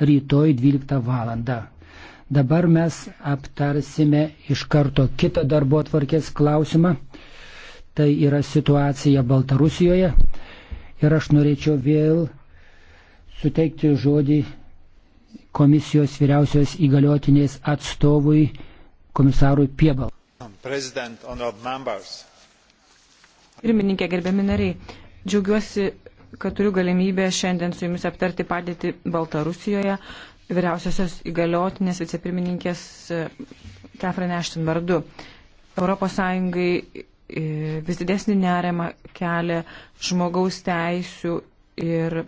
rytoj 12 val. Dabar mes aptarsime iš karto kitą darbo atvarkės klausimą. Tai yra situacija Baltarusijoje. Ir aš norėčiau vėl suteikti žodį komisijos vyriausios įgaliotinės atstovui komisarui Piebal. Pirmininkė, gerbiami nariai, džiaugiuosi kad turiu galimybę šiandien su jumis aptarti padėtį Baltarusijoje vyriausiosios įgaliotinės vicepirmininkės e, Catherine Ashton vardu. ES e, vis didesnį nerimą kelia žmogaus teisų ir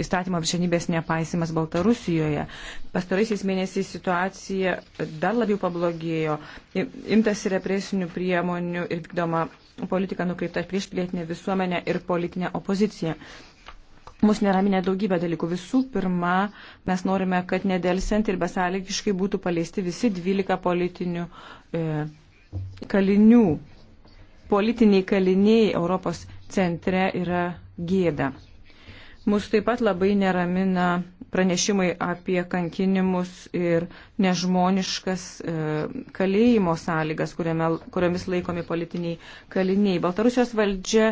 įstatymo viršenybės nepaisimas Baltarusijoje. Pastaraisiais mėnesiais situacija dar labiau pablogėjo. Imtas represinių priemonių ir vykdoma politika nukreipta prieš pilietinę visuomenę ir politinę opoziciją. Mus neraminė daugybė dalykų. Visų pirma, mes norime, kad nedelsiant ir besąlygiškai būtų paleisti visi 12 politinių e, kalinių. Politiniai kaliniai Europos centre yra gėda. Mūsų taip pat labai neramina pranešimai apie kankinimus ir nežmoniškas e, kalėjimo sąlygas, kuriame, kuriomis laikomi politiniai kaliniai. Baltarusijos valdžia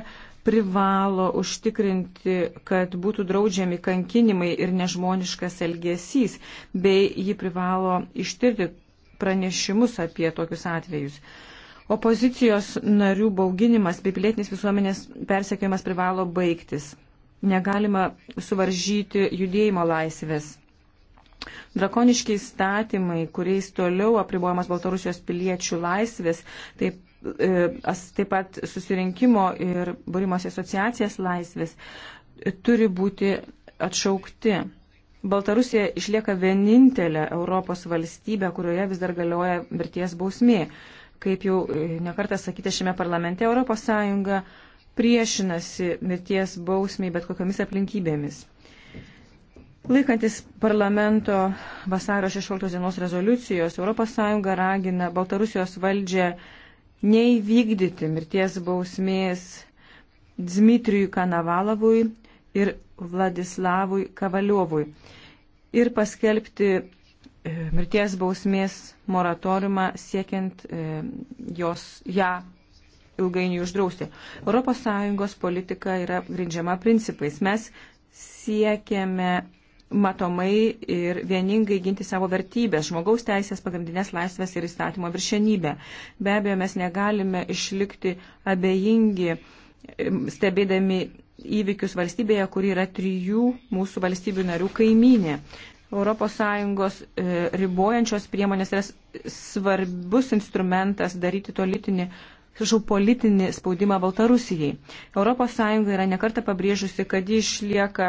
privalo užtikrinti, kad būtų draudžiami kankinimai ir nežmoniškas elgesys, bei ji privalo ištirti pranešimus apie tokius atvejus. Opozicijos narių bauginimas bei pilietinės visuomenės persekiojimas privalo baigtis negalima suvaržyti judėjimo laisvės. Drakoniški įstatymai, kuriais toliau apribojamas Baltarusijos piliečių laisvės, taip, e, taip pat susirinkimo ir būrimos asociacijas laisvės, e, turi būti atšaukti. Baltarusija išlieka vienintelė Europos valstybė, kurioje vis dar galioja mirties bausmė. Kaip jau e, nekartą sakyti šiame parlamente, Europos Sąjunga priešinasi mirties bausmiai bet kokiamis aplinkybėmis. Laikantis parlamento vasaro 16 dienos rezoliucijos, ES ragina Baltarusijos valdžią neįvykdyti mirties bausmės Dmitrijui Kanavalovui ir Vladislavui Kavaliovui ir paskelbti e, mirties bausmės moratoriumą siekiant e, jos ją ja, ilgainiui uždrausti. ES politika yra grindžiama principais. Mes siekiame matomai ir vieningai ginti savo vertybės, žmogaus teisės, pagrindinės laisvės ir įstatymo viršenybę. Be abejo, mes negalime išlikti abejingi, stebėdami įvykius valstybėje, kuri yra trijų mūsų valstybių narių kaiminė. ES e, ribojančios priemonės yra svarbus instrumentas daryti to litinį žu politinį spaudimą Baltarusijai. ES yra nekarta pabrėžusi, kad ji išlieka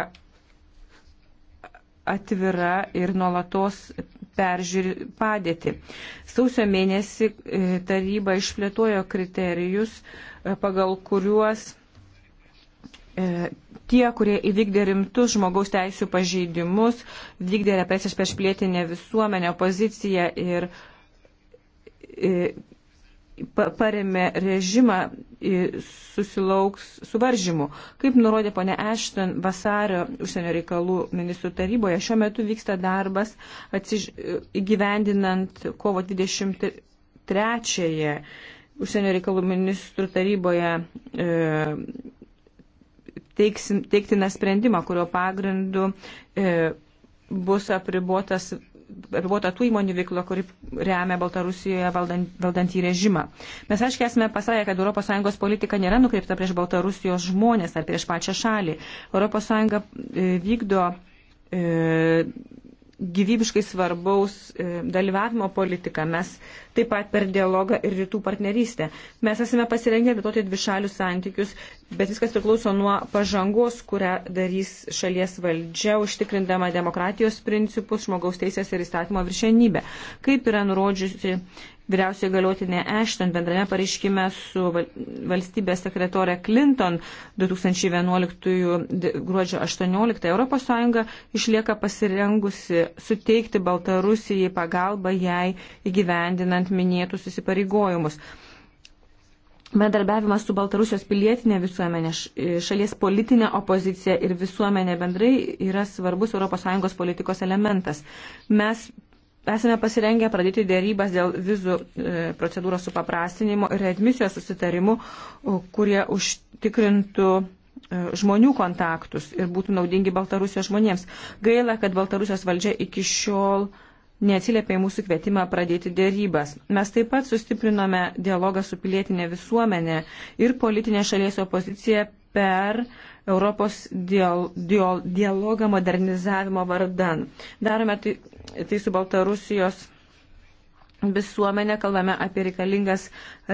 atvira ir nuolatos peržiūri padėti. Sausio mėnesį e, taryba išplėtojo kriterijus, e, pagal kuriuos e, tie, kurie įvykdė rimtus žmogaus teisų pažeidimus, vykdė represijas prieš plėtinę visuomenę, opoziciją ir paremė režimą susilauks suvaržymų. Kaip nurodė ponė Ashton vasario užsienio reikalų ministrų taryboje, šiuo metu vyksta darbas atsiž... įgyvendinant kovo 23-ąją užsienio reikalų ministrų taryboje e, teiksim, teiktiną sprendimą, kurio pagrindu e, bus apribuotas apribota tų įmonių veikla, kuri remia Baltarusijoje valdant, valdantį režimą. Mes aiškiai esame pasakę, kad ES politika nėra nukreipta prieš Baltarusijos žmonės ar prieš pačią šalį. ES vykdo e, gyvybiškai svarbaus e, dalyvavimo politiką. Mes taip pat per dialogą ir rytų partnerystę. Mes esame pasirengę plėtoti dvišalius santykius, bet viskas priklauso nuo pažangos, kurią darys šalies valdžia, užtikrindama demokratijos principus, žmogaus teisės ir įstatymo viršenybę. Kaip yra nurodžiusi Vyriausiai galiotinė Ashton bendrame pareiškime su valstybės sekretorė Clinton 2011 gruodžio 18 ES išlieka pasirengusi suteikti Baltarusijai pagalbą jai įgyvendinant minėtus įsipareigojimus. Bendarbiavimas su Baltarusijos pilietinė visuomenė, šalies politinė opozicija ir visuomenė bendrai yra svarbus ES politikos elementas. Mes esame pasirengę pradėti dėrybas dėl vizų e, procedūros supaprastinimo ir admisijos susitarimų, kurie užtikrintų e, žmonių kontaktus ir būtų naudingi Baltarusijos žmonėms. Gaila, kad Baltarusijos valdžia iki šiol neatsiliepia į mūsų kvietimą pradėti dėrybas. Mes taip pat sustiprinome dialogą su pilietinė visuomenė ir politinė šalies opozicija per Europos dial, dial, dialogą modernizavimo vardan. Darome tai, tai su Baltarusijos visuomenė, kalbame apie reikalingas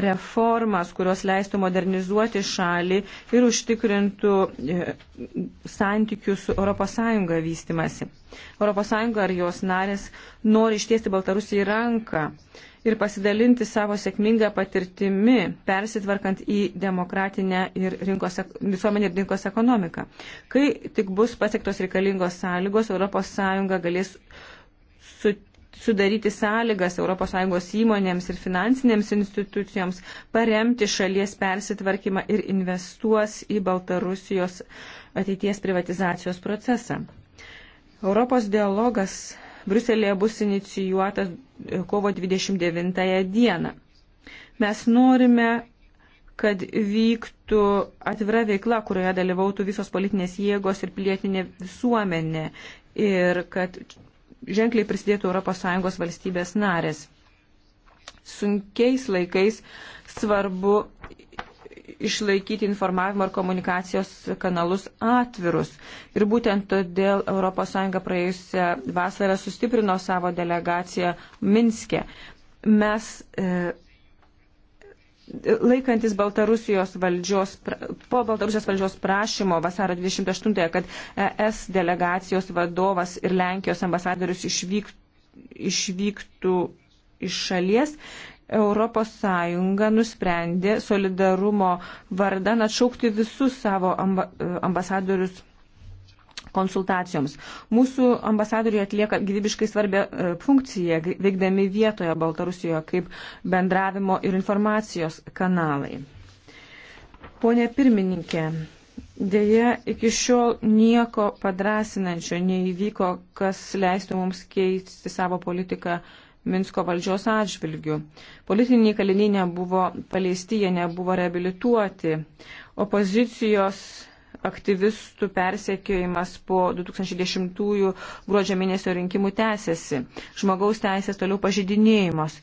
reformas, kurios leistų modernizuoti šalį ir užtikrintų e, santykių su ES vystimasi. ES ar jos narės nori ištiesti Baltarusijai ranką ir pasidalinti savo sėkmingą patirtimi, persitvarkant į demokratinę ir rinkos, visuomenę ir rinkos ekonomiką. Kai tik bus pasiektos reikalingos sąlygos, ES galės su, sudaryti sąlygas ES įmonėms ir finansinėms institucijoms paremti šalies persitvarkymą ir investuos į Baltarusijos ateities privatizacijos procesą. Europos dialogas Bruselėje bus inicijuotas e, kovo 29 dieną. Mes norime, kad vyktų atvira veikla, kurioje dalyvautų visos politinės jėgos ir pilietinė visuomenė ir kad ženkliai prisidėtų ES valstybės narės. Sunkiais laikais svarbu išlaikyti informavimo ir komunikacijos kanalus atvirus. Ir būtent todėl ES praėjusią vasarą sustiprino savo delegaciją Minske. Mes e, laikantis Baltarusijos valdžios, po Baltarusijos valdžios prašymo vasaro 28-ąją, kad ES delegacijos vadovas ir Lenkijos ambasadorius išvyk, išvyktų iš šalies, ES nusprendė solidarumo vardan atšaukti visus savo e, ambasadorius konsultacijoms. Mūsų ambasadoriai atlieka gyvybiškai svarbę e, funkciją, veikdami vietoje Baltarusijoje kaip bendravimo ir informacijos kanalai. Pone pirmininkė, dėja iki šiol nieko padrasinančio neįvyko, kas leistų mums keisti savo politiką uh, Minsko valdžios atžvilgių. Politiniai kaliniai nebuvo paleisti, jie nebuvo reabilituoti. Opozicijos aktyvistų persekiojimas po 2010 gruodžio mėnesio rinkimų tęsiasi. Žmogaus teisės toliau pažydinėjimas.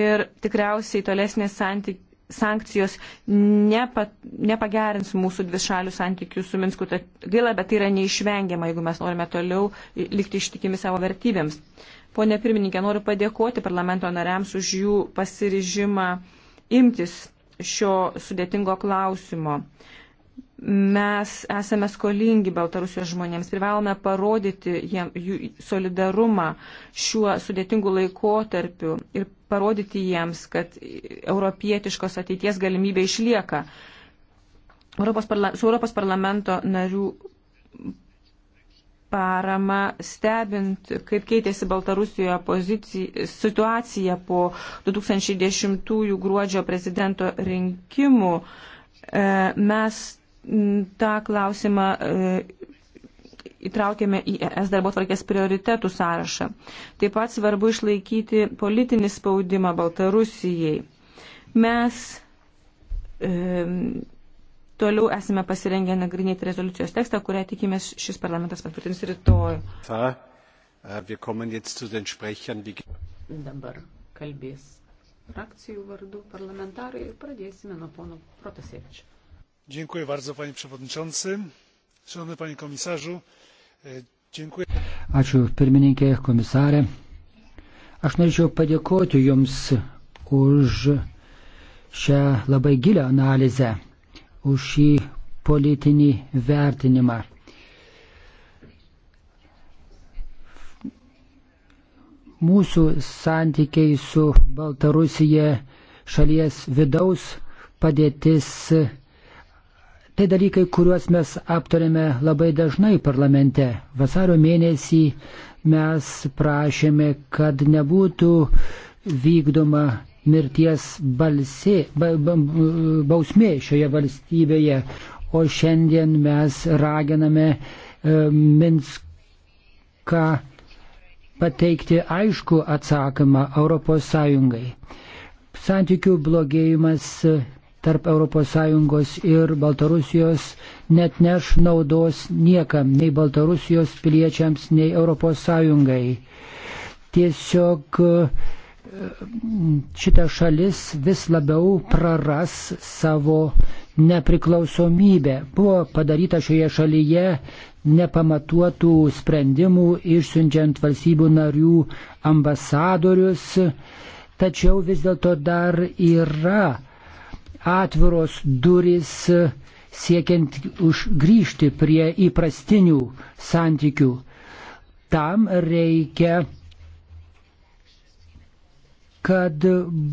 Ir tikriausiai tolesnės santykiai sankcijos nepa, nepagerins mūsų dvišalių santykių su Minsku. Gaila, bet tai yra neišvengiama, jeigu mes norime toliau likti ištikimi savo vertybėms. Pone pirmininkė, noriu padėkoti parlamento nariams už jų pasiryžimą imtis šio sudėtingo klausimo. Mes esame skolingi Baltarusijos žmonėms, privalome parodyti jiem, jų solidarumą šiuo sudėtingu laikotarpiu ir parodyti jiems, kad europietiškos ateities galimybė išlieka. Europos parla, su Europos parlamento narių paramą stebint, kaip keitėsi Baltarusijoje pozicija, situacija po 2010 gruodžio prezidento rinkimų. E, mes tą klausimą e, įtraukėme į ES darbo tvarkės prioritetų sąrašą. Taip pat svarbu išlaikyti politinį spaudimą Baltarusijai. Mes e, Toliau esame pasirengę nagrinėti rezoliucijos tekstą, kurią tikimės šis parlamentas patvirtins rytoj. Dabar kalbės frakcijų vardu parlamentarai ir pradėsime nuo pono Protasievičio. Dziękuję bardzo, panie przewodniczący. Szanowny panie komisarzu, e, dziękuję. Ačiū pirmininkė, komisarė. Aš norėčiau padėkoti Jums už šią labai gilę analizę už šį politinį vertinimą. Mūsų santykiai su Baltarusija šalies vidaus padėtis. Tai dalykai, kuriuos mes aptarėme labai dažnai parlamente. Vasario mėnesį mes prašėme, kad nebūtų vykdoma mirties balsi, ba, ba, bausmė šioje valstybėje, o šiandien mes raginame e, Minską pateikti aišku atsakymą ES. Santykių blogėjimas tarp ES ir Baltarusijos net neš naudos niekam, nei Baltarusijos piliečiams, nei ES. Tiesiog šita šalis vis labiau praras savo nepriklausomybę. Buvo padaryta šioje šalyje nepamatuotų sprendimų išsiunčiant valstybių narių ambasadorius, tačiau vis dėlto dar yra atviros duris siekiant užgrįžti prie įprastinių santykių. Tam reikia kad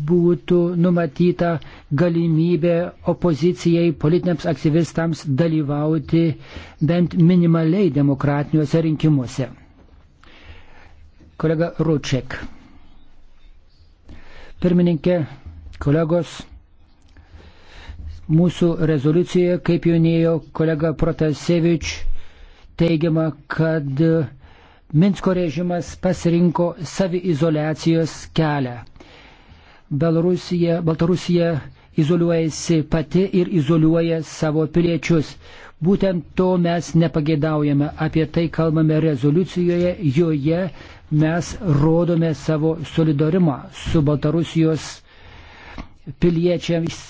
būtų numatyta galimybė opozicijai, politiniams aktyvistams dalyvauti bent minimaliai demokratiniuose rinkimuose. Kolega Ruček. Pirmininkė, kolegos, mūsų rezoliucijoje, kaip jau nėjo kolega Protasevič, teigiama, kad Minsko režimas pasirinko saviizolacijos kelią Belarusija, Baltarusija izoliuojasi pati ir izoliuoja savo piliečius. Būtent to mes nepageidaujame, apie tai kalbame rezoliucijoje, joje mes rodome savo solidarimą su Baltarusijos piliečiams.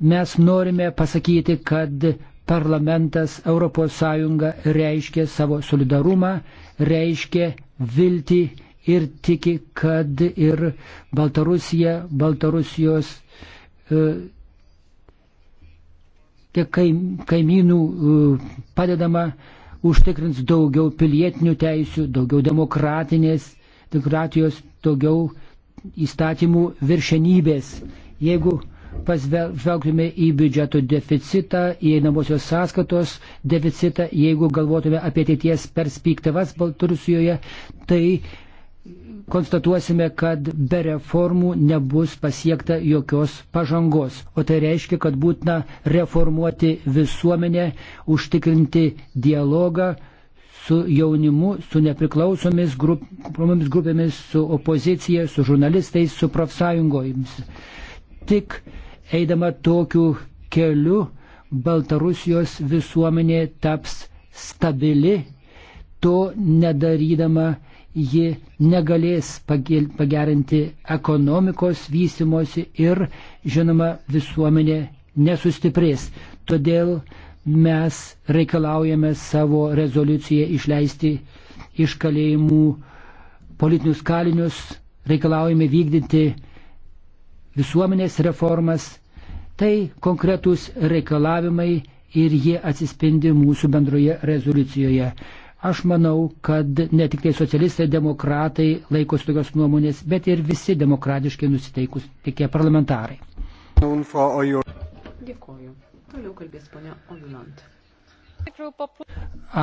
Mes norime pasakyti, kad parlamentas ES reiškia savo solidarumą, reiškia viltį ir tiki, kad ir Baltarusija, Baltarusijos e, kaimynų e, padedama užtikrins daugiau pilietinių teisių, daugiau demokratinės, demokratijos, daugiau įstatymų viršenybės. Jeigu pasvelgtume į biudžeto deficitą, į einamosios sąskatos deficitą, jeigu galvotume apie ateities perspektyvas Baltarusijoje, tai konstatuosime, kad be reformų nebus pasiekta jokios pažangos. O tai reiškia, kad būtina reformuoti visuomenę, užtikrinti dialogą su jaunimu, su nepriklausomis grupėmis, grupėmis, su opozicija, su žurnalistais, su profsąjungomis. Tik eidama tokiu keliu Baltarusijos visuomenė taps stabili, to nedarydama ji negalės pagerinti ekonomikos vystimosi ir, žinoma, visuomenė nesustiprės. Todėl mes reikalaujame savo rezoliuciją išleisti iš kalėjimų politinius kalinius, reikalaujame vykdyti visuomenės reformas. Tai konkretūs reikalavimai ir jie atsispindi mūsų bendroje rezoliucijoje. Aš manau, kad ne tik tai socialistai, demokratai laikosi tokios nuomonės, bet ir visi demokratiškai nusiteikus tikė parlamentarai. Dėkoju. Toliau kalbės ponia Ojuland.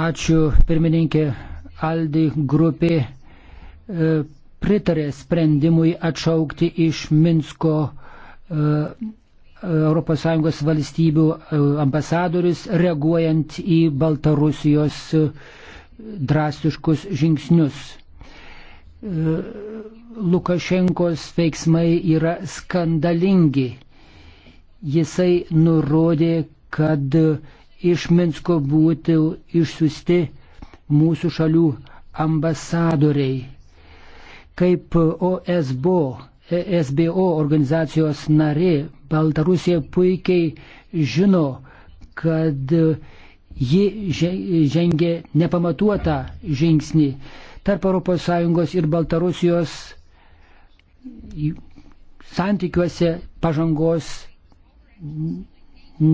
Ačiū, pirmininkė Aldi grupė e, pritarė sprendimui atšaukti iš Minsko ES valstybių e, ambasadorius reaguojant į Baltarusijos uh, drastiškus žingsnius. E, Lukašenkos veiksmai yra skandalingi. Jisai nurodė, kad iš Minsko būtų išsiusti mūsų šalių ambasadoriai. Kaip OSBO, SBO e organizacijos narė, Baltarusija puikiai žino, kad ji žengė nepamatuotą žingsnį tarp ES ir Baltarusijos santykiuose pažangos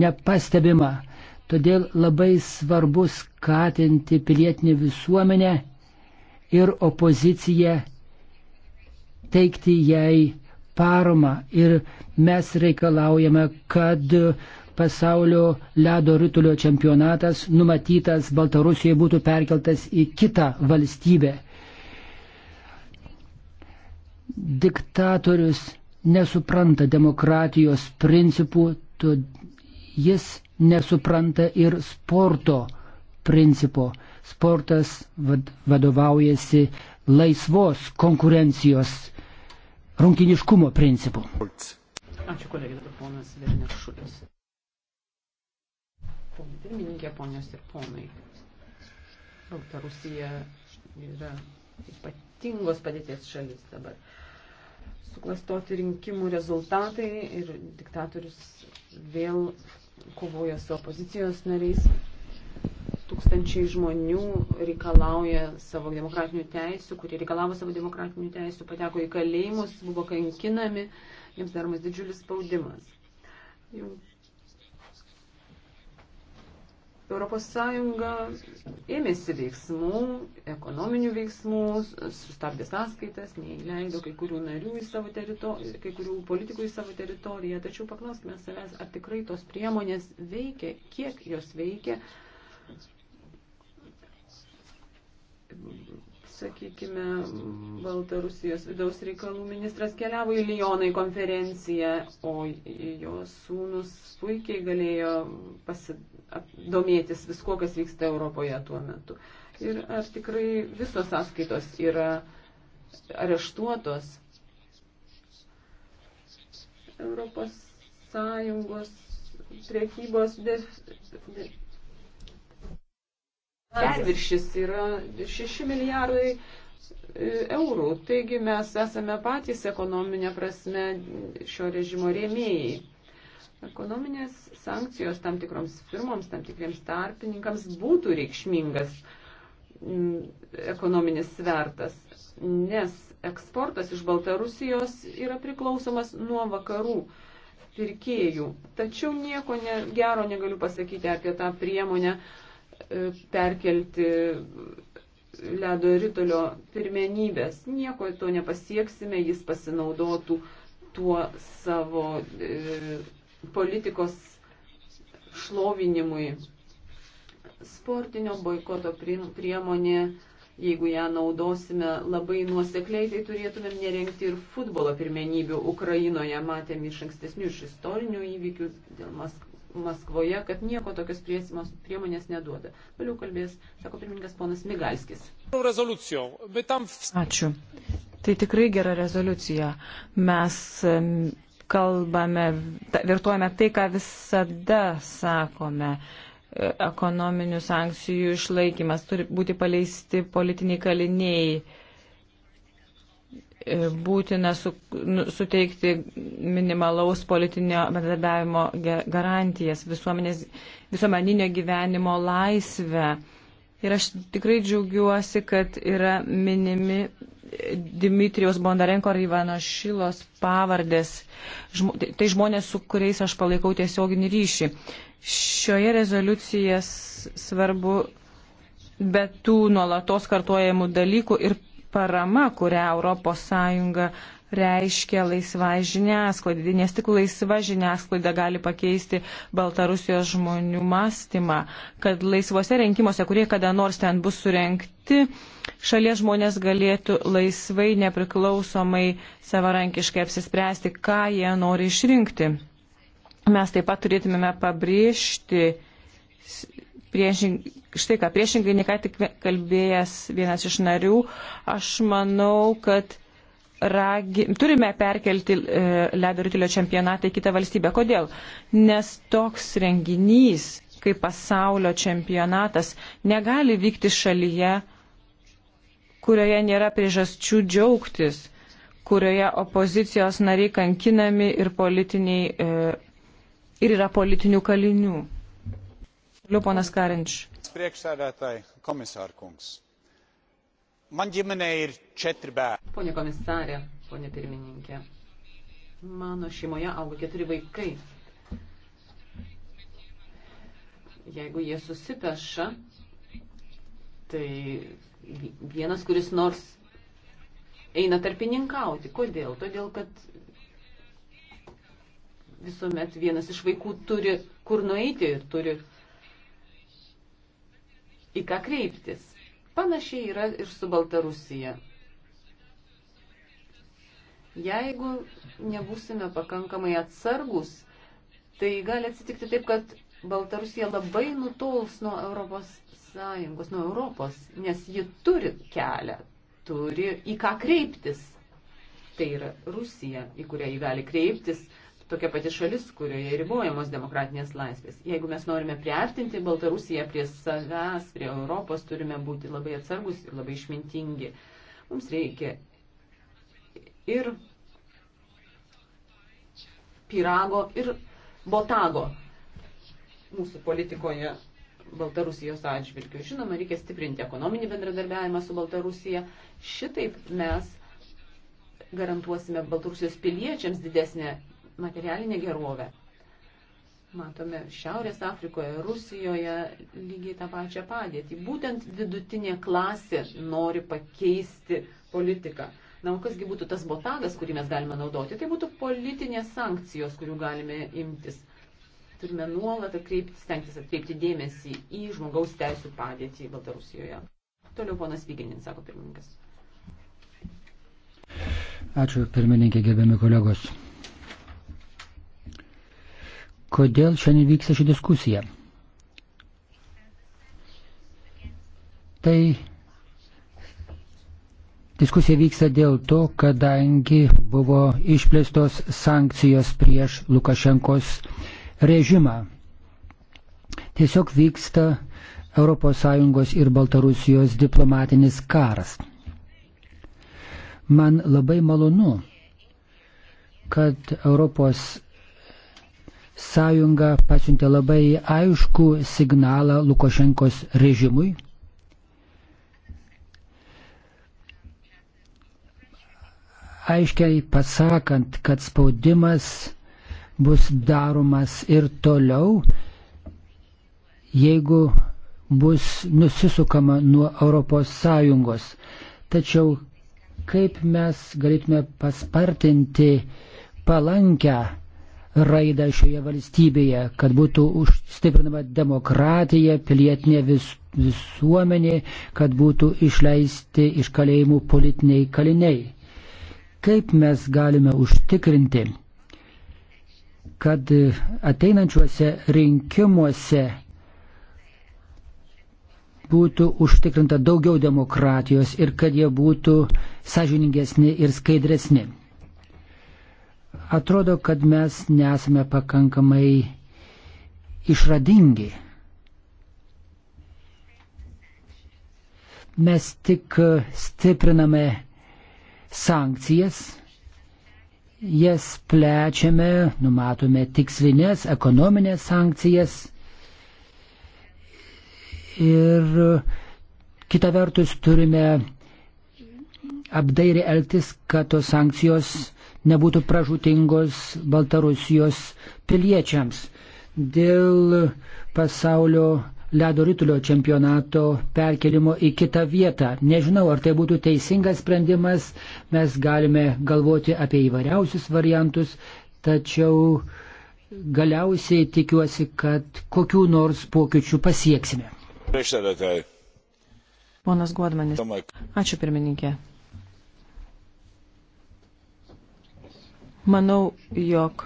nepastebima. Todėl labai svarbu skatinti pilietinį visuomenę ir opoziciją, teikti jai paramą. Ir mes reikalaujame, kad pasaulio ledo rytulio čempionatas numatytas Baltarusijoje būtų perkeltas į kitą valstybę. Diktatorius nesupranta demokratijos principų, jis nesupranta ir sporto principo. Sportas vadovaujasi laisvos konkurencijos rungtiniškumo principu. Ačiū kolegė, dabar ponas Vernešulis. Pone pirmininkė, ponios ir ponai. Baltarusija yra ypatingos padėties šalis dabar. Suklastoti rinkimų rezultatai ir diktatorius vėl kovoja su opozicijos nariais. Tūkstančiai žmonių reikalauja savo demokratinių teisų, kurie reikalavo savo demokratinių teisų, pateko į kalėjimus, buvo kankinami, jiems daromas didžiulis spaudimas. Jums ES ėmėsi veiksmų, ekonominių veiksmų, sustabdė sąskaitas, neįleido kai kurių narių į savo teritoriją, kai kurių politikų į savo teritoriją. Tačiau paklauskime savęs, ar tikrai tos priemonės veikia, kiek jos veikia. Sakykime, Baltarusijos vidaus reikalų ministras keliavo į Lyoną į konferenciją, o jo sūnus puikiai galėjo pasidalyti domėtis visko, kas vyksta Europoje tuo metu. Ir ar tikrai visos sąskaitos yra areštuotos Europos Sąjungos priekybos de, de, perviršis yra 6 milijardai e, eurų. Taigi mes esame patys ekonominė prasme šio režimo rėmėjai. Ekonominės sankcijos tam tikroms firmoms, tam tikriems tarpininkams būtų reikšmingas mm, ekonominis svertas, nes eksportas iš Baltarusijos yra priklausomas nuo vakarų pirkėjų. Tačiau nieko ne, gero negaliu pasakyti apie tą priemonę e, perkelti ledo rytulio pirmenybės. Nieko to nepasieksime, jis pasinaudotų tuo savo e, politikos šlovinimui. Sportinio boikoto priemonė, jeigu ją naudosime labai nuosekliai, tai turėtumėm nerengti ir futbolo pirmenybių Ukrainoje. Matėm iš ankstesnių, iš istorinių įvykių dėl Maskvos. Maskvoje, kad nieko tokios priemonės neduoda. Vėliau kalbės, sako pirmininkas ponas Migalskis. Ačiū. Tai tikrai gera rezoliucija. Mes kalbame, virtuojame tai, ką visada sakome. Ekonominių sankcijų išlaikymas turi būti paleisti politiniai kaliniai būtina su, nu, suteikti minimalaus politinio bendradarbiavimo garantijas, visuomeninio gyvenimo laisvę. Ir aš tikrai džiaugiuosi, kad yra minimi Dimitrijaus Bondarenko ar Ivano Šilos pavardės. Tai, tai žmonės, su kuriais aš palaikau tiesioginį ryšį. Šioje rezoliucijoje svarbu bet tų nuolatos kartuojamų dalykų ir parama, kurią ES reiškia laisva žiniasklaida, nes tik laisva žiniasklaida gali pakeisti Baltarusijos žmonių mąstymą, kad laisvose rinkimuose, kurie kada nors ten bus surenkti, šalies žmonės galėtų laisvai, nepriklausomai, savarankiškai apsispręsti, ką jie nori išrinkti. Mes taip pat turėtumėme pabrėžti priešingai, štai ką, priešingai, ne ką tik kalbėjęs vienas iš narių, aš manau, kad ragi, turime perkelti e, ledo rytulio čempionatą į kitą valstybę. Kodėl? Nes toks renginys, kaip pasaulio čempionatas, negali vykti šalyje, kurioje nėra priežasčių džiaugtis, kurioje opozicijos nariai kankinami ir, e, ir yra politinių kalinių. Liuponas Karinč. Priekšsēdētāji, komisārkungs Man gimene ir četri bērni. Pone komisarė, pone pirmininkė, mano šeimoje augo keturi vaikai. Jeigu jie susipeša, tai vienas kuris nors eina tarpininkauti. Kodėl? Todėl, kad visuomet vienas iš vaikų turi kur nueiti ir turi į ką kreiptis. Panašiai yra ir su Baltarusija. Jeigu nebūsime pakankamai atsargus, tai gali atsitikti taip, kad Baltarusija labai nutols nuo Europos Sąjungos, nuo Europos, nes ji turi kelią, turi į ką kreiptis. Tai yra Rusija, į kurią ji gali kreiptis, tokia pati šalis, kurioje ribojamos demokratinės laisvės. Jeigu mes norime priartinti Baltarusiją prie savęs, prie Europos, turime būti labai atsargus ir labai išmintingi. Mums reikia ir pirago, ir botago mūsų politikoje Baltarusijos atžvilgių. Žinoma, reikia stiprinti ekonominį bendradarbiavimą su Baltarusija. Šitaip mes garantuosime Baltarusijos piliečiams didesnę materialinę gerovę. Matome Šiaurės Afrikoje, Rusijoje lygiai tą pačią padėtį. Būtent vidutinė klasė nori pakeisti politiką. Na, o kasgi būtų tas botagas, kurį mes galime naudoti? Tai būtų politinės sankcijos, kurių galime imtis. Turime nuolat atkreipti, stengtis atkreipti dėmesį į žmogaus teisų padėtį Baltarusijoje. Toliau ponas Vygenin, sako pirmininkas. Ačiū pirmininkė, gerbiami kolegos. Kodėl šiandien vyksta ši diskusija? Tai diskusija vyksta dėl to, kadangi buvo išplėstos sankcijos prieš Lukašenkos režimą. Tiesiog vyksta ES ir Baltarusijos diplomatinis karas. Man labai malonu, kad Europos sąjunga pasiuntė labai aišku signalą Lukašenkos režimui. Aiškiai pasakant, kad spaudimas bus daromas ir toliau, jeigu bus nusisukama nuo Europos Sąjungos. Tačiau kaip mes galėtume paspartinti palankę raidą šioje valstybėje, kad būtų užstiprinama demokratija, pilietinė vis, visuomenė, kad būtų išleisti iš kalėjimų politiniai kaliniai. Kaip mes galime užtikrinti, kad ateinančiuose rinkimuose būtų užtikrinta daugiau demokratijos ir kad jie būtų sąžiningesni ir skaidresni. Atrodo, kad mes nesame pakankamai išradingi. Mes tik stipriname sankcijas, jas plečiame, numatome tikslinės ekonominės sankcijas ir kita vertus turime apdairiai elgtis, kad tos sankcijos nebūtų pražutingos Baltarusijos piliečiams. Dėl pasaulio ledo rytulio čempionato perkelimo į kitą vietą. Nežinau, ar tai būtų teisingas sprendimas, mes galime galvoti apie įvairiausius variantus, tačiau galiausiai tikiuosi, kad kokių nors pokyčių pasieksime. Tai. Ponas Godmanis. Ačiū pirmininkė. Manau, jog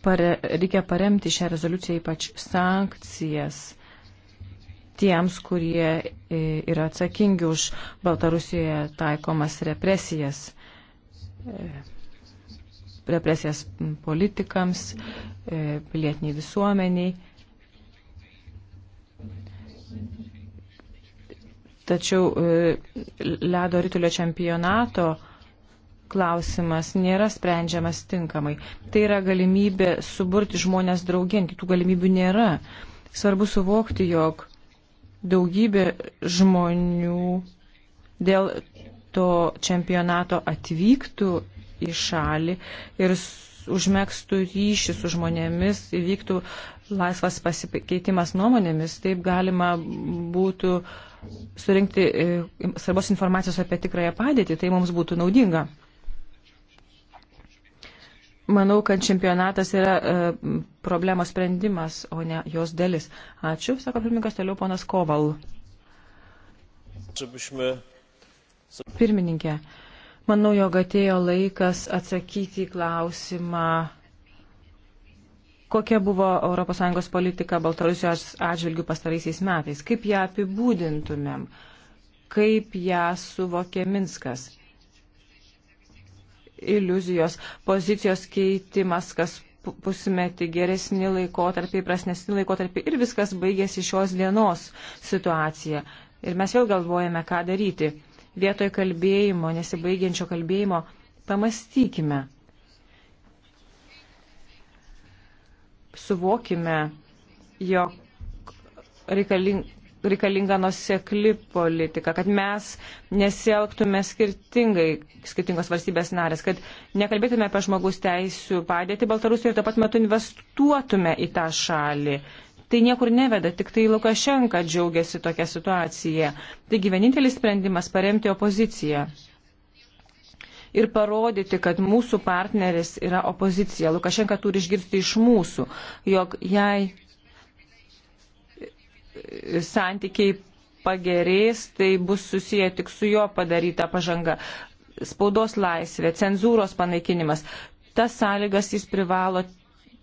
pare, reikia paremti šią rezoliuciją ypač sankcijas tiems, kurie e, yra atsakingi už Baltarusijoje taikomas represijas e, represijas politikams, e, pilietiniai visuomeniai. Tačiau ledo rytulio čempionato klausimas nėra sprendžiamas tinkamai. Tai yra galimybė suburti žmonės draugien, kitų galimybių nėra. Svarbu suvokti, jog daugybė žmonių dėl to čempionato atvyktų į šalį ir užmėgstų ryšį su žmonėmis, įvyktų laisvas pasikeitimas nuomonėmis, taip galima būtų surinkti e, svarbios informacijos apie tikrąją padėtį, tai mums būtų naudinga. Manau, kad čempionatas yra e, problemos sprendimas, o ne jos dalis. Ačiū, sako pirmininkas, toliau ponas Koval. Pirmininkė, manau, jog atėjo laikas atsakyti į klausimą, kokia buvo ES politika Baltarusijos atžvilgių pastaraisiais metais, kaip ją apibūdintumėm, kaip ją suvokė Minskas iliuzijos, pozicijos keitimas, kas pusmetį geresni laikotarpiai, prasnesni laikotarpiai ir viskas baigėsi šios dienos situacija. Ir mes vėl galvojame, ką daryti. Vietoj kalbėjimo, nesibaigiančio kalbėjimo, pamastykime. Suvokime, jog reikaling, reikalinga nusekli politika, kad mes nesielgtume skirtingai, skirtingos valstybės narės, kad nekalbėtume apie žmogus teisų padėti Baltarusijoje ir taip pat metu investuotume į tą šalį. Tai niekur neveda, tik tai Lukašenka džiaugiasi tokia situacija. Taigi vienintelis sprendimas paremti opoziciją ir parodyti, kad mūsų partneris yra opozicija. Lukašenka turi išgirsti iš mūsų, jog jei santykiai pagerės, tai bus susiję tik su jo padaryta pažanga. Spaudos laisvė, cenzūros panaikinimas. Tas sąlygas jis privalo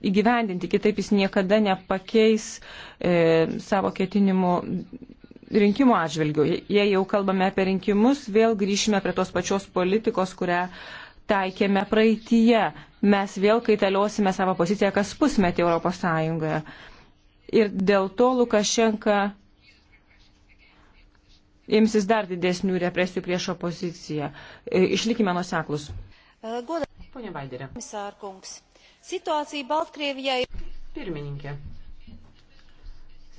įgyvendinti, kitaip jis niekada nepakeis e, savo ketinimų rinkimų atžvilgių. Jei jau kalbame apie rinkimus, vėl grįšime prie tos pačios politikos, kurią taikėme praeitįje. Mes vėl kaitaliosime savo poziciją kas pusmetį Europos Sąjungoje. E, ir dėl to Lukašenka imsis dar didesnių represijų prieš opoziciją. E, išlikime nuseklus. Pone Vaiderė. Situacija Baltkrievijoje. Pirmininkė.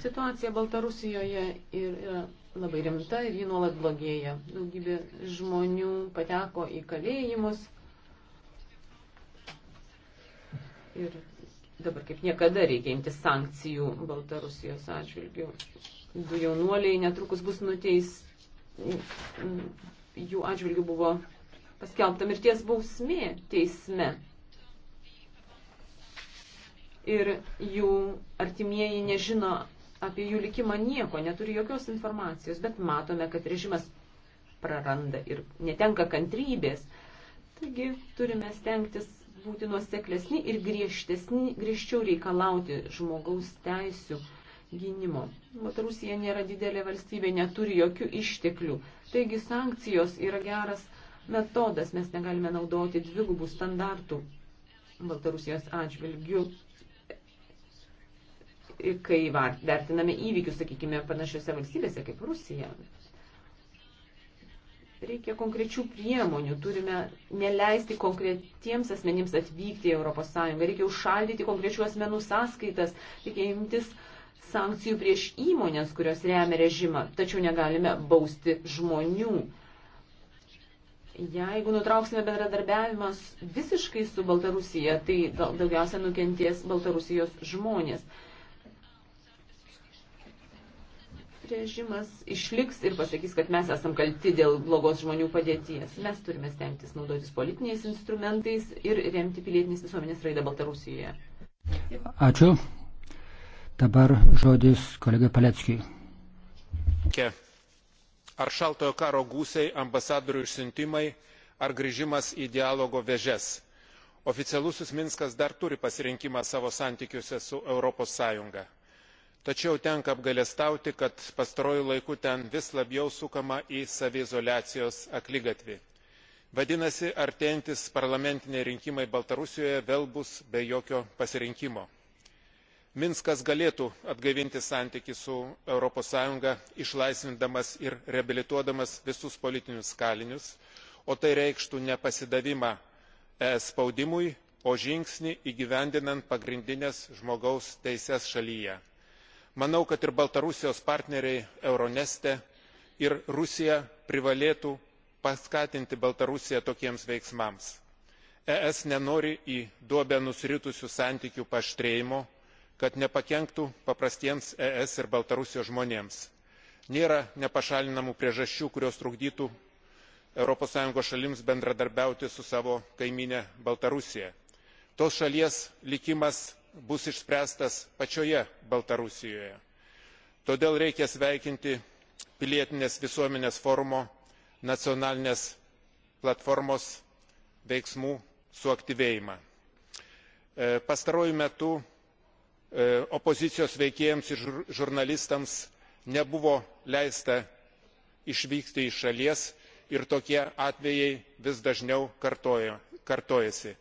Situacija Baltarusijoje yra e, labai rimta ir ji nuolat blogėja. Daugybė žmonių pateko į kalėjimus. Ir Dabar kaip niekada reikia imti sankcijų Baltarusijos atžvilgių. Du jaunuoliai netrukus bus nuteis, jų atžvilgių buvo paskelbta mirties bausmė teisme. Ir jų artimieji nežino apie jų likimą nieko, neturi jokios informacijos, bet matome, kad režimas praranda ir netenka kantrybės. Taigi turime stengtis būti nuoseklesni ir griežčiau reikalauti žmogaus teisių gynimo. Baltarusija nėra didelė valstybė, neturi jokių išteklių. Taigi sankcijos yra geras metodas, mes negalime naudoti dvigubų standartų Baltarusijos atžvilgių, kai vertiname įvykius, sakykime, panašiose valstybėse kaip Rusija. Reikia konkrečių priemonių, turime neleisti konkretiems asmenims atvykti į ES, reikia užšaldyti konkrečių asmenų sąskaitas, reikia imtis sankcijų prieš įmonės, kurios remia režimą, tačiau negalime bausti žmonių. Jeigu nutrauksime bendradarbiavimą visiškai su Baltarusija, tai daugiausia nukenties Baltarusijos žmonės. režimas išliks ir pasakys, kad mes esam kalti dėl blogos žmonių padėties. Mes turime stengtis naudotis politiniais instrumentais ir remti pilietinės visuomenės raidą Baltarusijoje. Ačiū. Dabar žodis kolegai Paleckiui. Ar šaltojo karo gūsiai, ambasadorių išsiuntimai, ar grįžimas į dialogo vežes? Oficialusis Minskas dar turi pasirinkimą savo santykiuose su Europos Sąjunga tačiau tenka apgailestauti kad pastaruoju laiku ten vis labiau sukama į saviizoliacijos akligatvį. vadinasi artėjantys parlamentiniai rinkimai baltarusijoje vėl bus be jokio pasirinkimo. minskas galėtų atgaivinti santykį su europos sąjunga išlaisvindamas ir reabilituodamas visus politinius kalinius o tai reikštų ne pasidavimą es spaudimui o žingsnį įgyvendinant pagrindines žmogaus teises šalyje manau kad ir baltarusijos partneriai euroneste ir rusija privalėtų paskatinti baltarusiją tokiems veiksmams. es nenori į duobę nusiritusių santykių paaštrėjimo kad nepakenktų paprastiems es ir baltarusijos žmonėms. nėra nepašalinamų priežasčių kurios trukdytų europos sąjungos šalims bendradarbiauti su savo kaimyne baltarusija. tos šalies likimas bus išspręstas pačioje baltarusijoje. todėl reikia sveikinti pilietinės visuomenės forumo nacionalinės platformos veiksmų suaktyvėjimą. E, pastaruoju metu e, opozicijos veikėjams ir žurnalistams nebuvo leista išvykti iš šalies ir tokie atvejai vis dažniau kartojasi.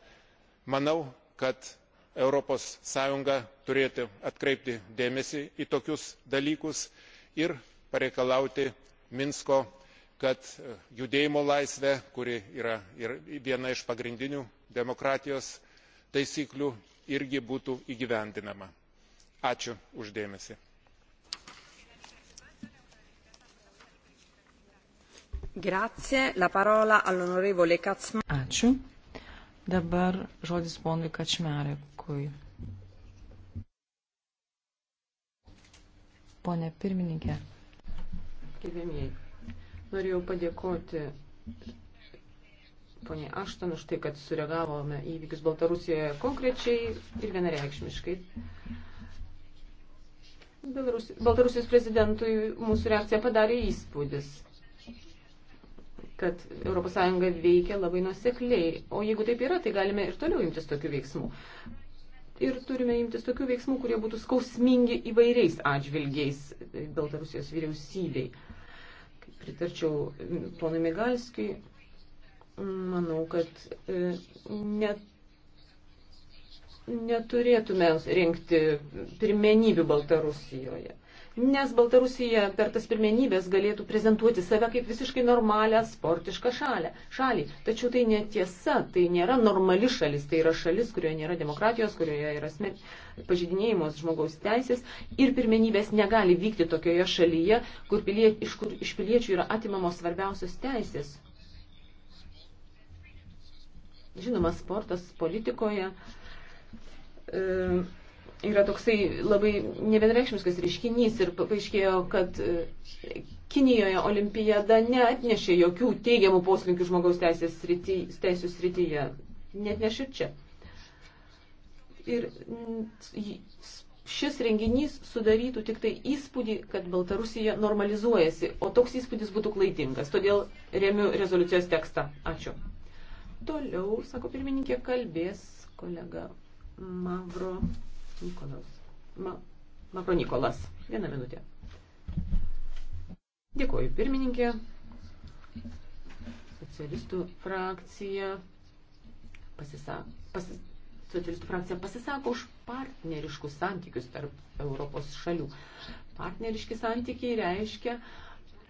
manau kad europos sąjunga turėtų atkreipti dėmesį į tokius dalykus ir pareikalauti minsko kad e, judėjimo laisvė kuri yra viena iš pagrindinių demokratijos taisyklių irgi būtų įgyvendinama. ačiū už dėmesį. Ačiū. Dabar žodis ponui Kačmerui. Dėkui. Pone pirmininkė. Gerbėmieji, norėjau padėkoti poniai Aštan už tai, kad sureagavome įvykius Baltarusijoje konkrečiai ir vienareikšmiškai. Baltarusijos prezidentui mūsų reakcija padarė įspūdis, kad ES veikia labai nusekliai. O jeigu taip yra, tai galime ir toliau imtis tokių veiksmų ir turime imtis tokių veiksmų, kurie būtų skausmingi įvairiais atžvilgiais Baltarusijos vyriausybei. Kaip pritarčiau ponui Migalskijui, manau, kad e, net, neturėtume rinkti pirmenybių Baltarusijoje nes Baltarusija per tas pirmenybės galėtų prezentuoti save kaip visiškai normalią sportišką šalę, šalį. Tačiau tai netiesa, tai nėra normali šalis, tai yra šalis, kurioje nėra demokratijos, kurioje yra smer... pažydinėjimas žmogaus teisės ir pirmenybės negali vykti tokioje šalyje, kur pilie... iš, kur iš piliečių yra atimamos svarbiausios teisės. Žinoma, sportas politikoje. E yra toksai labai nevienareikšmiskas reiškinys ir paaiškėjo, kad e, Kinijoje olimpiada neatnešė jokių teigiamų poslinkių žmogaus teisės srity, teisų srityje. Net nešiu čia. Ir šis renginys sudarytų tik tai įspūdį, kad Baltarusija normalizuojasi, o toks įspūdis būtų klaidingas. Todėl remiu rezoliucijos tekstą. Ačiū. Toliau, sako pirmininkė, kalbės kolega Mavro Nikolas. Ma, Makro Nikolas. Vieną minutę. Dėkuoju, pirmininkė. Socialistų frakcija pasisako. Pasis, socialistų frakcija pasisako už partneriškus santykius tarp Europos šalių. Partneriški santykiai reiškia,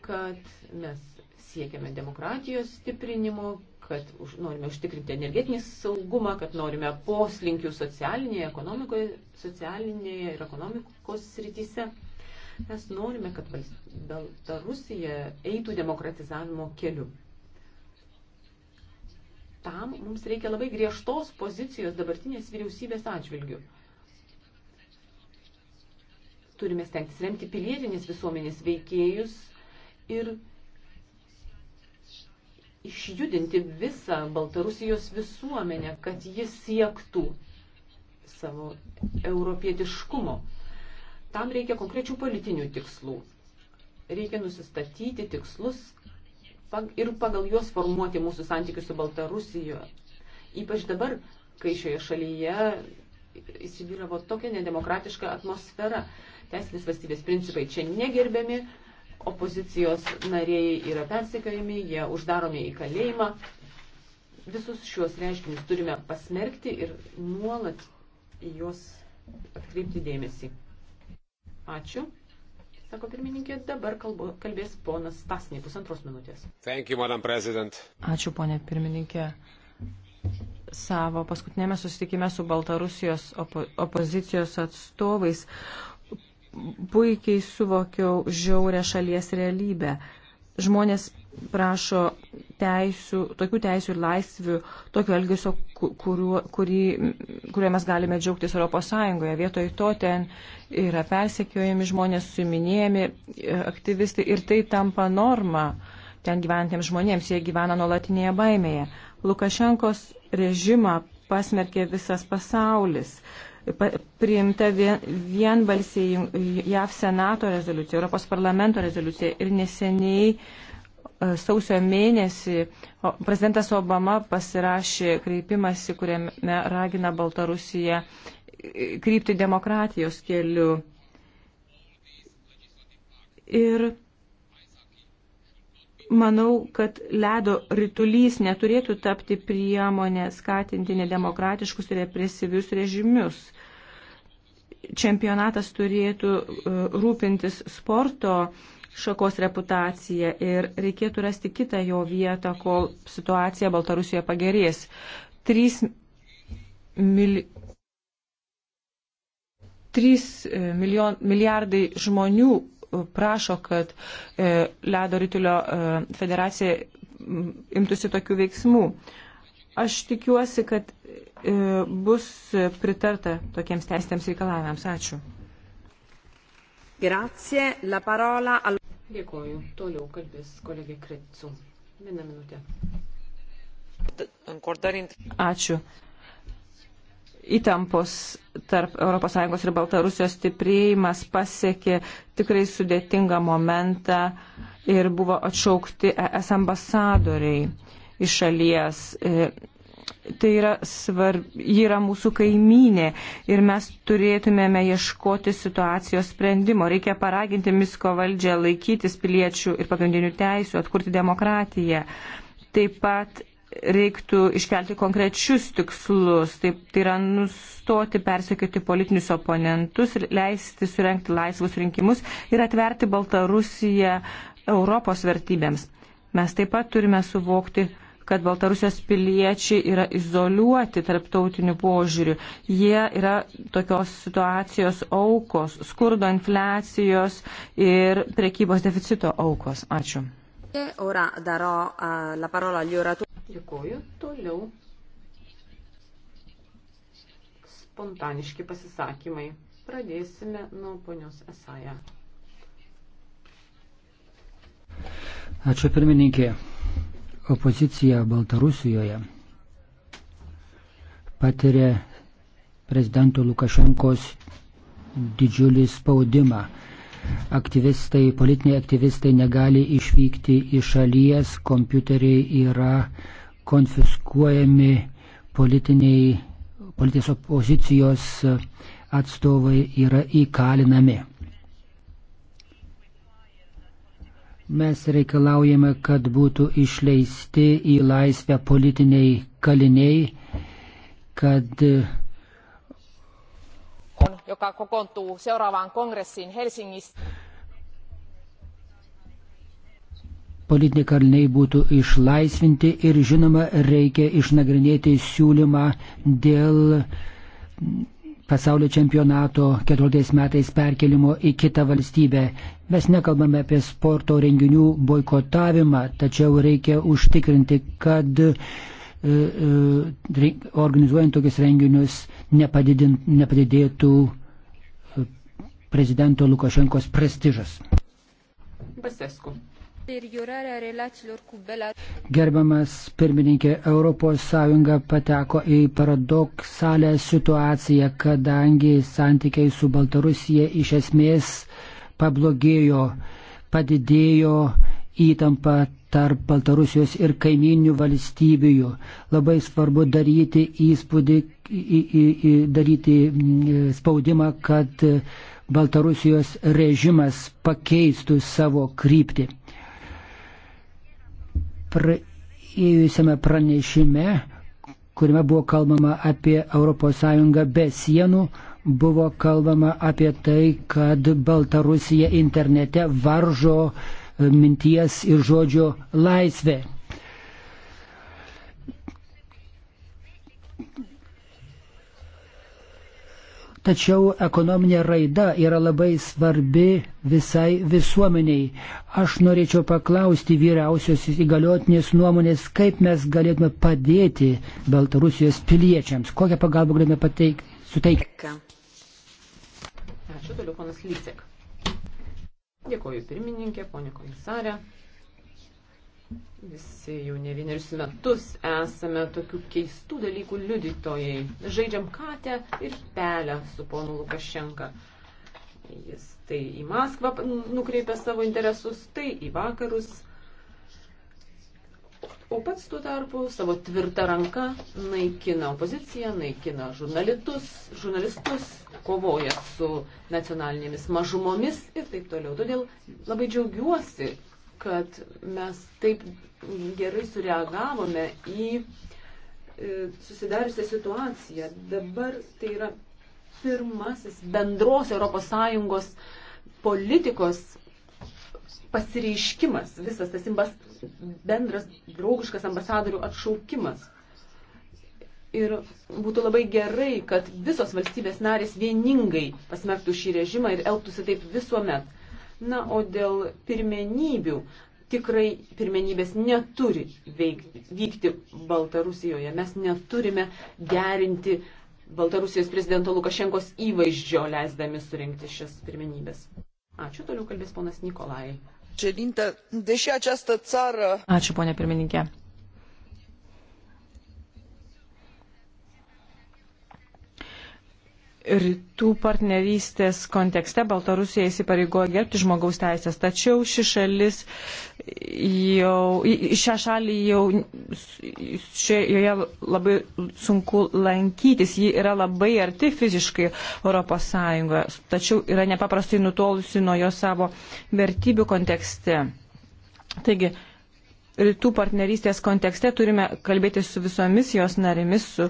kad mes siekiame demokratijos stiprinimo, kad už, norime užtikrinti energetinį saugumą, kad norime poslinkių socialinėje, ekonomikoje, socialinėje ir ekonomikos srityse. Mes norime, kad Baltarusija eitų demokratizavimo keliu. Tam mums reikia labai griežtos pozicijos dabartinės vyriausybės atžvilgių. Turime stengtis remti pilietinės visuomenės veikėjus ir išjudinti visą Baltarusijos visuomenę, kad jis siektų savo europietiškumo. Tam reikia konkrečių politinių tikslų. Reikia nusistatyti tikslus ir pagal juos formuoti mūsų santykius su Baltarusijoje. Ypač dabar, kai šioje šalyje įsivyravo tokia nedemokratiška atmosfera, teisinės valstybės principai čia negerbiami, Opozicijos nariai yra persekiojami, jie uždaromi į kalėjimą. Visus šiuos reiškinius turime pasmerkti ir nuolat į juos atkreipti dėmesį. Ačiū. Sako pirmininkė, dabar kalbu, kalbės ponas Stasny, pusantros minutės. Thank you, Madam President. Ačiū, ponė pirmininkė. Savo paskutinėme susitikime su Baltarusijos opo opozicijos atstovais puikiai suvokiau žiaurę šalies realybę. Žmonės prašo teisių, tokių teisių ir laisvių, tokio elgesio, kuriuo, kurį, kuriuo mes galime džiaugtis ES. Vietoj to ten yra persekiojami žmonės, suiminėjami e, aktyvistai ir tai tampa norma ten gyventiems žmonėms. Jie gyvena nuolatinėje baimėje. Lukašenkos režimą pasmerkė visas pasaulis priimta vien, vienbalsiai JAV Senato rezoliucija, Europos parlamento rezoliucija ir neseniai e, sausio mėnesį prezidentas Obama pasirašė kreipimąsi, kuriame ragina Baltarusiją e, krypti demokratijos keliu. Ir Manau, kad ledo rytulys neturėtų tapti priemonę skatinti nedemokratiškus ir represyvius režimius. Čempionatas turėtų e, rūpintis sporto šakos reputacija ir reikėtų rasti kitą jo vietą, kol situacija Baltarusijoje pagerės. 3, mil... 3 milijon... milijardai žmonių prašo, kad e, ledo rytulio e, federacija imtųsi tokių veiksmų. Aš tikiuosi, kad e, bus pritarta tokiems teisėms reikalavimams. Ačiū. Grazie, la parola al... Dėkoju. Toliau kalbės kolegė Kretsu. Vieną minutę. Ačiū įtampos tarp ES ir Baltarusijos stiprėjimas pasiekė tikrai sudėtingą momentą ir buvo atšaukti ES ambasadoriai iš šalies. E, tai yra svarb, ji yra mūsų kaimynė ir mes turėtumėme ieškoti situacijos sprendimo. Reikia paraginti Misko valdžią laikytis piliečių ir pagrindinių teisų, atkurti demokratiją. Taip pat reiktų iškelti konkrečius tikslus, taip, tai yra nustoti persekioti politinius oponentus, leisti surenkti laisvus rinkimus ir atverti Baltarusiją Europos vertybėms. Mes taip pat turime suvokti, kad Baltarusijos piliečiai yra izoliuoti tarptautiniu požiūriu. Jie yra tokios situacijos aukos, skurdo infliacijos ir prekybos deficito aukos. Ačiū. Ora darò uh, la parola agli oratori. Dėkuoju. Toliau spontaniški pasisakymai. Pradėsime nuo ponios Esaja. Ačiū pirmininkė. Opozicija Baltarusijoje patiria prezidento Lukašenkos didžiulį spaudimą aktyvistai, politiniai aktyvistai negali išvykti iš šalies, kompiuteriai yra konfiskuojami politiniai, politinės opozicijos atstovai yra įkalinami. Mes reikalaujame, kad būtų išleisti į laisvę politiniai kaliniai, kad on joka kokoontuu seuraavaan kongressiin helsingissä politiniai kaliniai būtų išlaisvinti ir žinoma reikia išnagrinėti siūlymą dėl pasaulio čempionato 14 metais perkelimo į kitą valstybę. Mes nekalbame apie sporto renginių boikotavimą, tačiau reikia užtikrinti, kad E, e, organizuojant tokius renginius nepadidėtų e, prezidento Lukašenkos prestižas. Basesku. Gerbiamas pirmininkė, ES pateko į paradoksalę situaciją, kadangi santykiai su Baltarusija iš esmės pablogėjo, padidėjo įtampą tarp Baltarusijos ir kaiminių valstybių. Labai svarbu daryti įspūdį, į, į, į, daryti mm, spaudimą, kad Baltarusijos režimas pakeistų savo kryptį. Praėjusiame pranešime, kuriame buvo kalbama apie ES be sienų, buvo kalbama apie tai, kad Baltarusija internete varžo uh, minties ir žodžio laisvė. Tačiau ekonominė raida yra labai svarbi visai visuomeniai. Aš norėčiau paklausti vyriausios įgaliotinės nuomonės, kaip mes galėtume padėti Baltarusijos piliečiams, kokią pagalbą galėtume pateik, suteikti. Ačiū, toliau ponas Lysek. Dėkoju pirmininkė, ponė komisarė. Visi jau ne vienerius metus esame tokių keistų dalykų liudytojai. Žaidžiam katę ir pelę su ponu Lukašenka. Jis tai į Maskvą nukreipia savo interesus, tai į vakarus. O pats tuo tarpu savo tvirtą ranką naikina opoziciją, naikina žurnalistus, žurnalistus kovoja su nacionalinėmis mažumomis ir taip toliau. Todėl labai džiaugiuosi, kad mes taip gerai sureagavome į e, susidariusią situaciją. Dabar tai yra pirmasis bendros ES politikos pasireiškimas, visas tas bendras draugiškas ambasadorių atšaukimas. Ir būtų labai gerai, kad visos valstybės narės vieningai pasmerktų šį režimą ir elgtųsi taip visuomet. Na, o dėl pirmenybių, tikrai pirmenybės neturi veikti, vykti Baltarusijoje. Mes neturime gerinti Baltarusijos prezidento Lukašenkos įvaizdžio, leisdami surinkti šias pirmenybės. Ačiū, toliau kalbės ponas Nikolai. Ačiū, ponė pirmininkė. rytų partnerystės kontekste Baltarusija įsipareigoja gerbti žmogaus teisės, tačiau ši šalis jau, šią šalį jau, šioje, joje labai sunku lankytis, ji yra labai arti fiziškai Europos Sąjungoje, tačiau yra nepaprastai nutolusi nuo jo savo vertybių kontekste. Taigi, Rytų partnerystės kontekste turime kalbėti su visomis jos narimis, su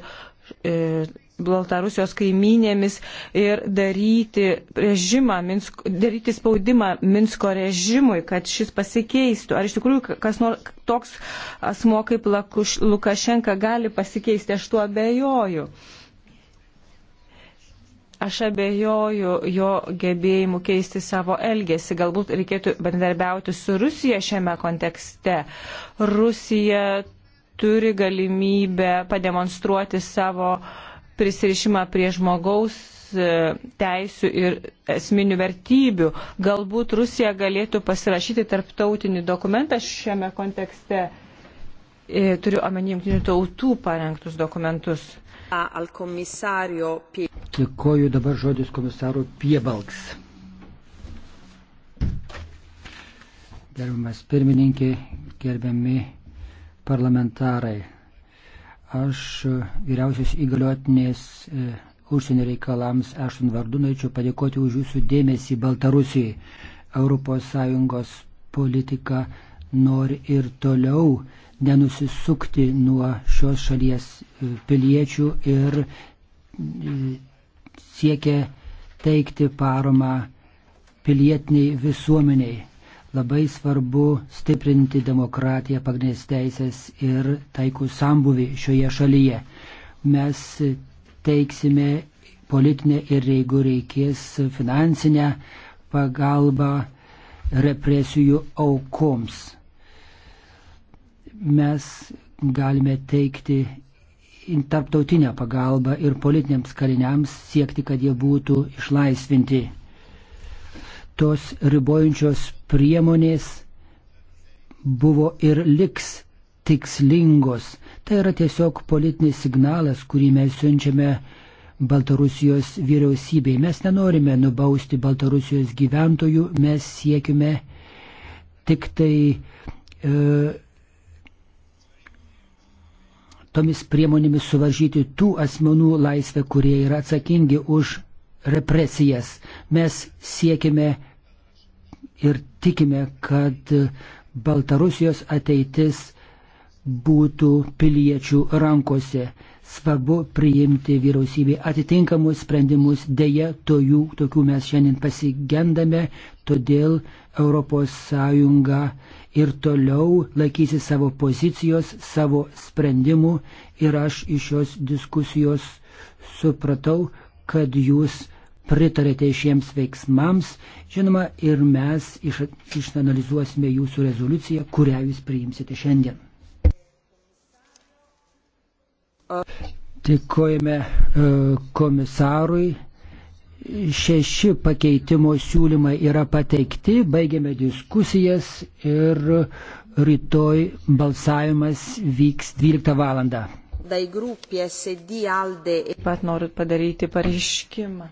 e, Baltarusijos kaiminėmis ir daryti, režimą, Minsk, daryti spaudimą Minsko režimui, kad šis pasikeistų. Ar iš tikrųjų kas nors toks asmo kaip Lakuš, Lukašenka gali pasikeisti, aš tuo abejoju. Aš abejoju jo gebėjimu keisti savo elgesį. Galbūt reikėtų bendarbiauti su Rusija šiame kontekste. Rusija turi galimybę pademonstruoti savo uh, prisirišimą prie žmogaus e, teisių ir esminių vertybių. Galbūt Rusija galėtų pasirašyti tarptautinį dokumentą šiame kontekste. E, turiu omeny jungtinių tautų parengtus dokumentus. Dėkoju dabar žodis komisaro Piebalks. Gerbiamas pirmininkė, gerbiami parlamentarai. Aš e, vyriausios įgaliotinės e, užsienio reikalams Ešton vardu norėčiau padėkoti už jūsų dėmesį Baltarusijai. ES politika nori ir toliau nenusisukti nuo šios šalies e, piliečių ir e, siekia teikti paramą pilietiniai visuomeniai. Labai svarbu stiprinti demokratiją, pagrindinės teisės ir taikų sambuvi šioje šalyje. Mes teiksime politinę ir jeigu reikės finansinę pagalbą represijų aukoms. Mes galime teikti tarptautinę pagalbą ir politiniams kaliniams siekti, kad jie būtų išlaisvinti tos ribojančios priemonės buvo ir liks tikslingos. Tai yra tiesiog politinis signalas, kurį mes siunčiame Baltarusijos vyriausybei. Mes nenorime nubausti Baltarusijos gyventojų, mes siekime tik tai e, tomis priemonėmis suvaržyti tų asmenų laisvę, kurie yra atsakingi už represijas. Mes siekime ir tikime, kad Baltarusijos ateitis būtų piliečių rankose. Svarbu priimti vyriausybė atitinkamus sprendimus, dėja to jų, tokių mes šiandien pasigendame, todėl ES ir toliau laikysi savo pozicijos, savo sprendimų ir aš iš šios diskusijos supratau, kad jūs pritarėte šiems veiksmams. Žinoma, ir mes iš, išanalizuosime jūsų rezoliuciją, kurią jūs priimsite šiandien. Tikojame e, komisarui. Šeši pakeitimo siūlymai yra pateikti, baigiame diskusijas ir rytoj balsavimas vyks 12 valandą dai gruppi SD, ALDE. E- Taip pat noriu padaryti pareiškimą.